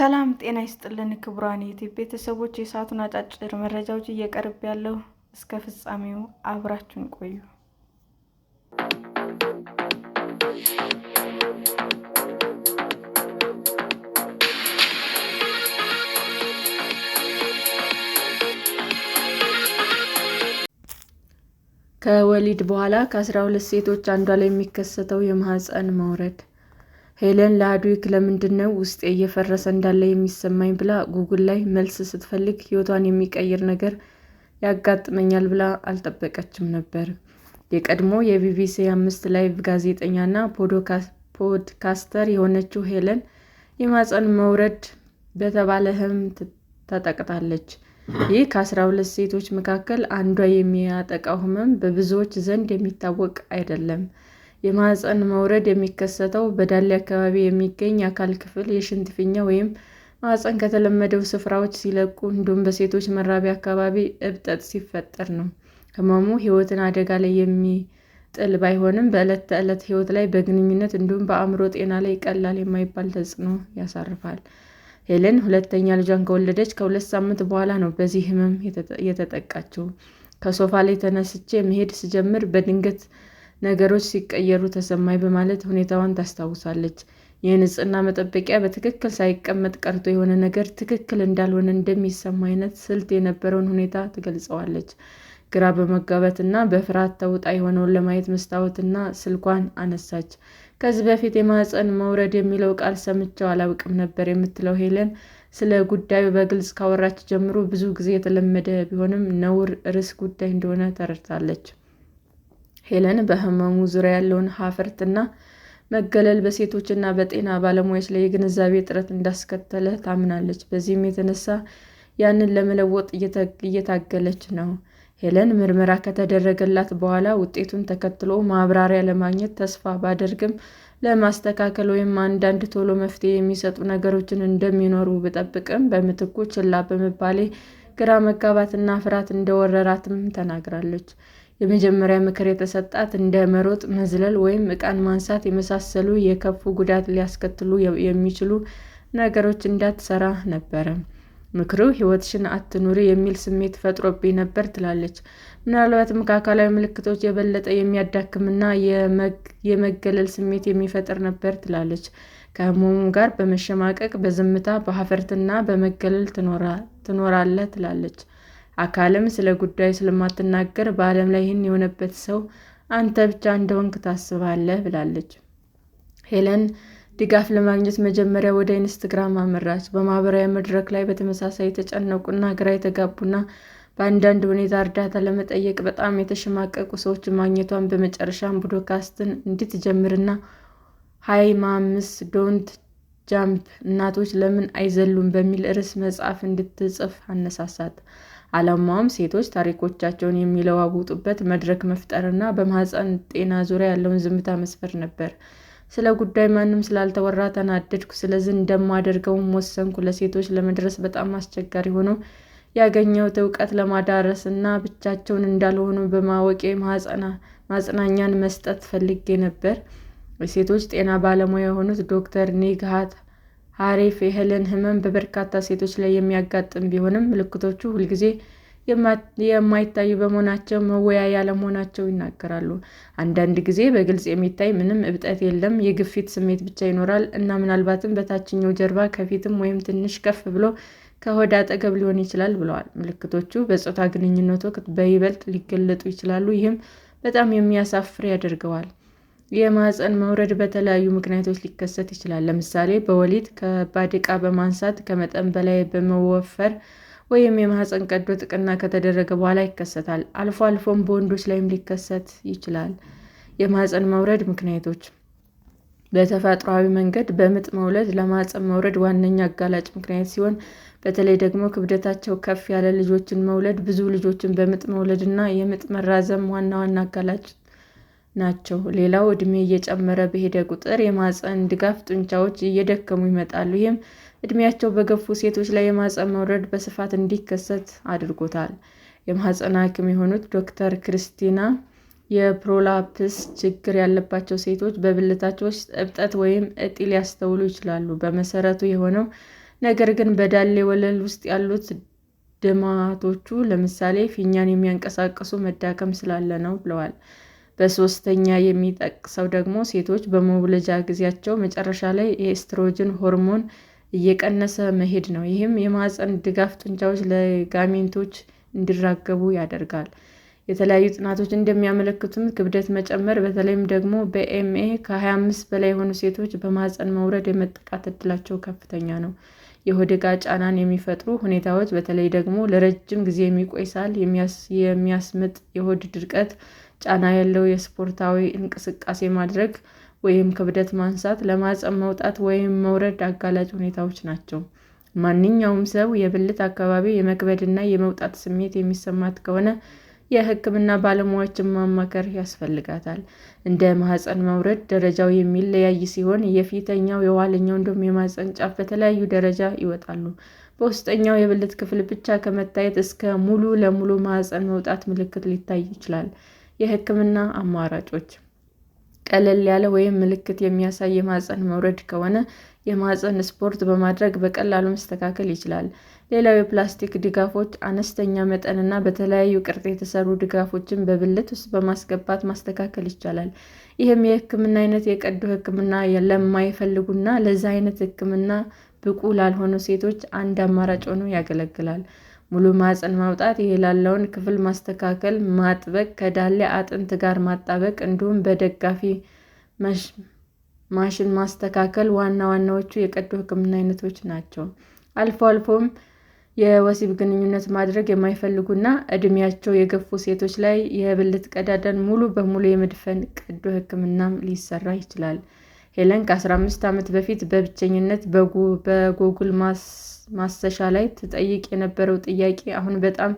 ሰላም ጤና ይስጥልን ክቡራን ዩቲዩብ ቤተሰቦች፣ የሰዓቱን አጫጭር መረጃዎች እየቀርብ ያለው እስከ ፍጻሜው አብራችሁን ቆዩ። ከወሊድ በኋላ ከ12 ሴቶች አንዷ ላይ የሚከሰተው የማህፀን መውረድ ሄለን ለአድዊክ ለምንድን ነው ውስጤ እየፈረሰ እንዳለ የሚሰማኝ ብላ ጉግል ላይ መልስ ስትፈልግ ሕይወቷን የሚቀይር ነገር ያጋጥመኛል ብላ አልጠበቀችም ነበር። የቀድሞ የቢቢሲ አምስት ላይቭ ጋዜጠኛና ፖድካስተር የሆነችው ሄለን የማህፀን መውረድ በተባለ ህም ተጠቅጣለች። ይህ ከአስራ ሁለት ሴቶች መካከል አንዷ የሚያጠቃው ህመም በብዙዎች ዘንድ የሚታወቅ አይደለም። የማህፀን መውረድ የሚከሰተው በዳሌ አካባቢ የሚገኝ የአካል ክፍል የሽንት ፊኛ ወይም ማህፀን ከተለመደው ስፍራዎች ሲለቁ እንዲሁም በሴቶች መራቢያ አካባቢ እብጠት ሲፈጠር ነው። ህመሙ ህይወትን አደጋ ላይ የሚጥል ባይሆንም በዕለት ተዕለት ህይወት ላይ፣ በግንኙነት እንዲሁም በአእምሮ ጤና ላይ ቀላል የማይባል ተጽዕኖ ያሳርፋል። ሄለን ሁለተኛ ልጇን ከወለደች ከሁለት ሳምንት በኋላ ነው በዚህ ህመም የተጠቃችው። ከሶፋ ላይ ተነስቼ መሄድ ስጀምር በድንገት ነገሮች ሲቀየሩ ተሰማኝ በማለት ሁኔታዋን ታስታውሳለች። የንጽህና መጠበቂያ በትክክል ሳይቀመጥ ቀርቶ የሆነ ነገር ትክክል እንዳልሆነ እንደሚሰማ አይነት ስልት የነበረውን ሁኔታ ትገልጸዋለች። ግራ በመጋባትና በፍርሃት ተውጣ የሆነውን ለማየት መስታወትና ስልኳን አነሳች። ከዚህ በፊት የማህፀን መውረድ የሚለው ቃል ሰምቼው አላውቅም ነበር የምትለው ሄለን ስለ ጉዳዩ በግልጽ ካወራች ጀምሮ ብዙ ጊዜ የተለመደ ቢሆንም ነውር ርዕስ ጉዳይ እንደሆነ ተረድታለች። ሄለን በህመሙ ዙሪያ ያለውን ሀፍረትና መገለል በሴቶችና በጤና ባለሙያዎች ላይ የግንዛቤ እጥረት እንዳስከተለ ታምናለች። በዚህም የተነሳ ያንን ለመለወጥ እየታገለች ነው። ሄለን ምርመራ ከተደረገላት በኋላ ውጤቱን ተከትሎ ማብራሪያ ለማግኘት ተስፋ ባደርግም ለማስተካከል ወይም አንዳንድ ቶሎ መፍትሄ የሚሰጡ ነገሮችን እንደሚኖሩ ብጠብቅም በምትኩ ችላ በመባሌ ግራ መጋባትና ፍርሃት እንደወረራትም ተናግራለች። የመጀመሪያ ምክር የተሰጣት እንደ መሮጥ፣ መዝለል ወይም ዕቃን ማንሳት የመሳሰሉ የከፉ ጉዳት ሊያስከትሉ የሚችሉ ነገሮች እንዳትሰራ ነበረ። ምክሩ ሕይወትሽን አትኑሪ የሚል ስሜት ፈጥሮብኝ ነበር ትላለች። ምናልባትም ከአካላዊ ምልክቶች የበለጠ የሚያዳክምና የመገለል ስሜት የሚፈጥር ነበር ትላለች። ከሕመሙ ጋር በመሸማቀቅ በዝምታ በኀፍረትና በመገለል ትኖራለህ ትላለች። አካልም ስለ ጉዳዩ ስለማትናገር በዓለም ላይ ይህን የሆነበት ሰው አንተ ብቻ እንደሆንክ ታስባለህ ብላለች። ሄለን ድጋፍ ለማግኘት መጀመሪያ ወደ ኢንስታግራም አመራች። በማህበራዊ መድረክ ላይ በተመሳሳይ የተጨነቁና ግራ የተጋቡና በአንዳንድ ሁኔታ እርዳታ ለመጠየቅ በጣም የተሸማቀቁ ሰዎች ማግኘቷን በመጨረሻም ፖድካስትን እንድትጀምርና ሃይ ማምስ ዶንት ጃምፕ እናቶች ለምን አይዘሉም በሚል ርዕስ መጽሐፍ እንድትጽፍ አነሳሳት። አላማውም ሴቶች ታሪኮቻቸውን የሚለዋውጡበት መድረክ መፍጠርና በማህፀን ጤና ዙሪያ ያለውን ዝምታ መስፈር ነበር። ስለ ጉዳይ ማንም ስላልተወራ ተናደድኩ፣ ስለዚህ እንደማደርገውም ወሰንኩ። ለሴቶች ለመድረስ በጣም አስቸጋሪ ሆኖ ያገኘሁት እውቀት ለማዳረስ እና ብቻቸውን እንዳልሆኑ በማወቄ ማጽናኛን መስጠት ፈልጌ ነበር። የሴቶች ጤና ባለሙያ የሆኑት ዶክተር ኒግሃት ሐሬፍ የሄለን ህመም በበርካታ ሴቶች ላይ የሚያጋጥም ቢሆንም ምልክቶቹ ሁልጊዜ የማይታዩ በመሆናቸው መወያያ አለመሆናቸው ይናገራሉ። አንዳንድ ጊዜ በግልጽ የሚታይ ምንም እብጠት የለም፣ የግፊት ስሜት ብቻ ይኖራል እና ምናልባትም በታችኛው ጀርባ ከፊትም ወይም ትንሽ ከፍ ብሎ ከሆድ አጠገብ ሊሆን ይችላል ብለዋል። ምልክቶቹ በጾታ ግንኙነት ወቅት በይበልጥ ሊገለጡ ይችላሉ፣ ይህም በጣም የሚያሳፍር ያደርገዋል። የማህፀን መውረድ በተለያዩ ምክንያቶች ሊከሰት ይችላል። ለምሳሌ በወሊድ፣ ከባድ ዕቃ በማንሳት፣ ከመጠን በላይ በመወፈር ወይም የማህፀን ቀዶ ጥገና ከተደረገ በኋላ ይከሰታል። አልፎ አልፎም በወንዶች ላይም ሊከሰት ይችላል። የማህፀን መውረድ ምክንያቶች በተፈጥሯዊ መንገድ በምጥ መውለድ ለማህፀን መውረድ ዋነኛ አጋላጭ ምክንያት ሲሆን በተለይ ደግሞ ክብደታቸው ከፍ ያለ ልጆችን መውለድ፣ ብዙ ልጆችን በምጥ መውለድ እና የምጥ መራዘም ዋና ዋና አጋላጭ ናቸው። ሌላው እድሜ እየጨመረ በሄደ ቁጥር የማህፀን ድጋፍ ጡንቻዎች እየደከሙ ይመጣሉ። ይህም እድሜያቸው በገፉ ሴቶች ላይ የማህፀን መውረድ በስፋት እንዲከሰት አድርጎታል። የማህፀን ሐኪም የሆኑት ዶክተር ክርስቲና የፕሮላፕስ ችግር ያለባቸው ሴቶች በብልታቸው ውስጥ እብጠት ወይም እጢ ሊያስተውሉ ይችላሉ። በመሰረቱ የሆነው ነገር ግን በዳሌ ወለል ውስጥ ያሉት ድማቶቹ ለምሳሌ ፊኛን የሚያንቀሳቅሱ መዳከም ስላለ ነው ብለዋል። በሶስተኛ የሚጠቅሰው ደግሞ ሴቶች በመውለጃ ጊዜያቸው መጨረሻ ላይ የኤስትሮጅን ሆርሞን እየቀነሰ መሄድ ነው። ይህም የማህፀን ድጋፍ ጡንቻዎች ለጋሜንቶች እንዲራገቡ ያደርጋል። የተለያዩ ጥናቶች እንደሚያመለክቱም ክብደት መጨመር በተለይም ደግሞ በኤምኤ ከ25 በላይ የሆኑ ሴቶች በማህፀን መውረድ የመጠቃት እድላቸው ከፍተኛ ነው። የሆድ ዕቃ ጫናን የሚፈጥሩ ሁኔታዎች በተለይ ደግሞ ለረጅም ጊዜ የሚቆይ ሳል፣ የሚያስምጥ፣ የሆድ ድርቀት፣ ጫና ያለው የስፖርታዊ እንቅስቃሴ ማድረግ ወይም ክብደት ማንሳት ለማህፀን መውጣት ወይም መውረድ አጋላጭ ሁኔታዎች ናቸው። ማንኛውም ሰው የብልት አካባቢ የመክበድና የመውጣት ስሜት የሚሰማት ከሆነ የሕክምና ባለሙያዎችን ማማከር ያስፈልጋታል። እንደ ማህፀን መውረድ ደረጃው የሚለያይ ሲሆን የፊተኛው፣ የኋለኛው እንዲሁም የማህፀን ጫፍ በተለያዩ ደረጃ ይወጣሉ። በውስጠኛው የብልት ክፍል ብቻ ከመታየት እስከ ሙሉ ለሙሉ ማህፀን መውጣት ምልክት ሊታይ ይችላል። የህክምና አማራጮች ቀለል ያለ ወይም ምልክት የሚያሳይ የማህፀን መውረድ ከሆነ የማህፀን ስፖርት በማድረግ በቀላሉ መስተካከል ይችላል። ሌላው የፕላስቲክ ድጋፎች አነስተኛ መጠንና በተለያዩ ቅርጽ የተሰሩ ድጋፎችን በብልት ውስጥ በማስገባት ማስተካከል ይቻላል። ይህም የህክምና አይነት የቀዶ ህክምና ለማይፈልጉና ለዚህ አይነት ህክምና ብቁ ላልሆኑ ሴቶች አንድ አማራጭ ሆኖ ያገለግላል። ሙሉ ማህፀን ማውጣት፣ የላለውን ክፍል ማስተካከል፣ ማጥበቅ፣ ከዳሌ አጥንት ጋር ማጣበቅ እንዲሁም በደጋፊ ማሽን ማስተካከል ዋና ዋናዎቹ የቀዶ ሕክምና አይነቶች ናቸው። አልፎ አልፎም የወሲብ ግንኙነት ማድረግ የማይፈልጉና እድሜያቸው የገፉ ሴቶች ላይ የብልት ቀዳዳን ሙሉ በሙሉ የመድፈን ቀዶ ሕክምናም ሊሰራ ይችላል። ሄለን ከ15 ዓመት በፊት በብቸኝነት በጎግል ማሰሻ ላይ ትጠይቅ የነበረው ጥያቄ አሁን በጣም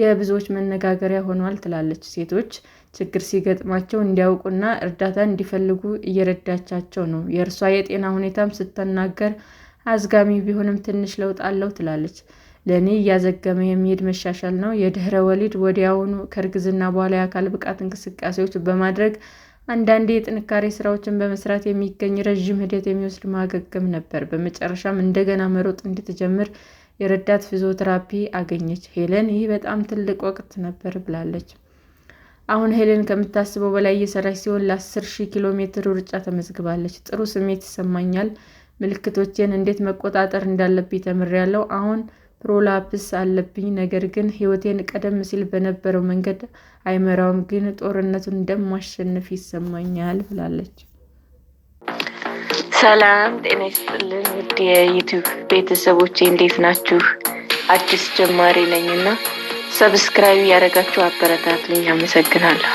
የብዙዎች መነጋገሪያ ሆኗል ትላለች። ሴቶች ችግር ሲገጥማቸው እንዲያውቁና እርዳታ እንዲፈልጉ እየረዳቻቸው ነው። የእርሷ የጤና ሁኔታም ስትናገር አዝጋሚ ቢሆንም ትንሽ ለውጥ አለው ትላለች። ለእኔ እያዘገመ የሚሄድ መሻሻል ነው። የድህረ ወሊድ ወዲያውኑ ከእርግዝና በኋላ የአካል ብቃት እንቅስቃሴዎች በማድረግ አንዳንዴ የጥንካሬ ስራዎችን በመስራት የሚገኝ ረዥም ሂደት የሚወስድ ማገገም ነበር። በመጨረሻም እንደገና መሮጥ እንድትጀምር የረዳት ፊዚዮቴራፒ አገኘች። ሄለን ይህ በጣም ትልቅ ወቅት ነበር ብላለች። አሁን ሄለን ከምታስበው በላይ እየሰራች ሲሆን ለአስር ሺህ ኪሎ ሜትር ሩጫ ተመዝግባለች። ጥሩ ስሜት ይሰማኛል። ምልክቶቼን እንዴት መቆጣጠር እንዳለብኝ ተምሬያለሁ። አሁን ፕሮላፕስ አለብኝ፣ ነገር ግን ህይወቴን ቀደም ሲል በነበረው መንገድ አይመራውም፣ ግን ጦርነቱን እንደማሸንፍ ይሰማኛል ብላለች። ሰላም ጤና ይስጥልን ውድ የዩቲዩብ ቤተሰቦቼ እንዴት ናችሁ? አዲስ ጀማሪ ነኝ እና ሰብስክራይብ ያደረጋችሁ ልኝ አመሰግናለሁ።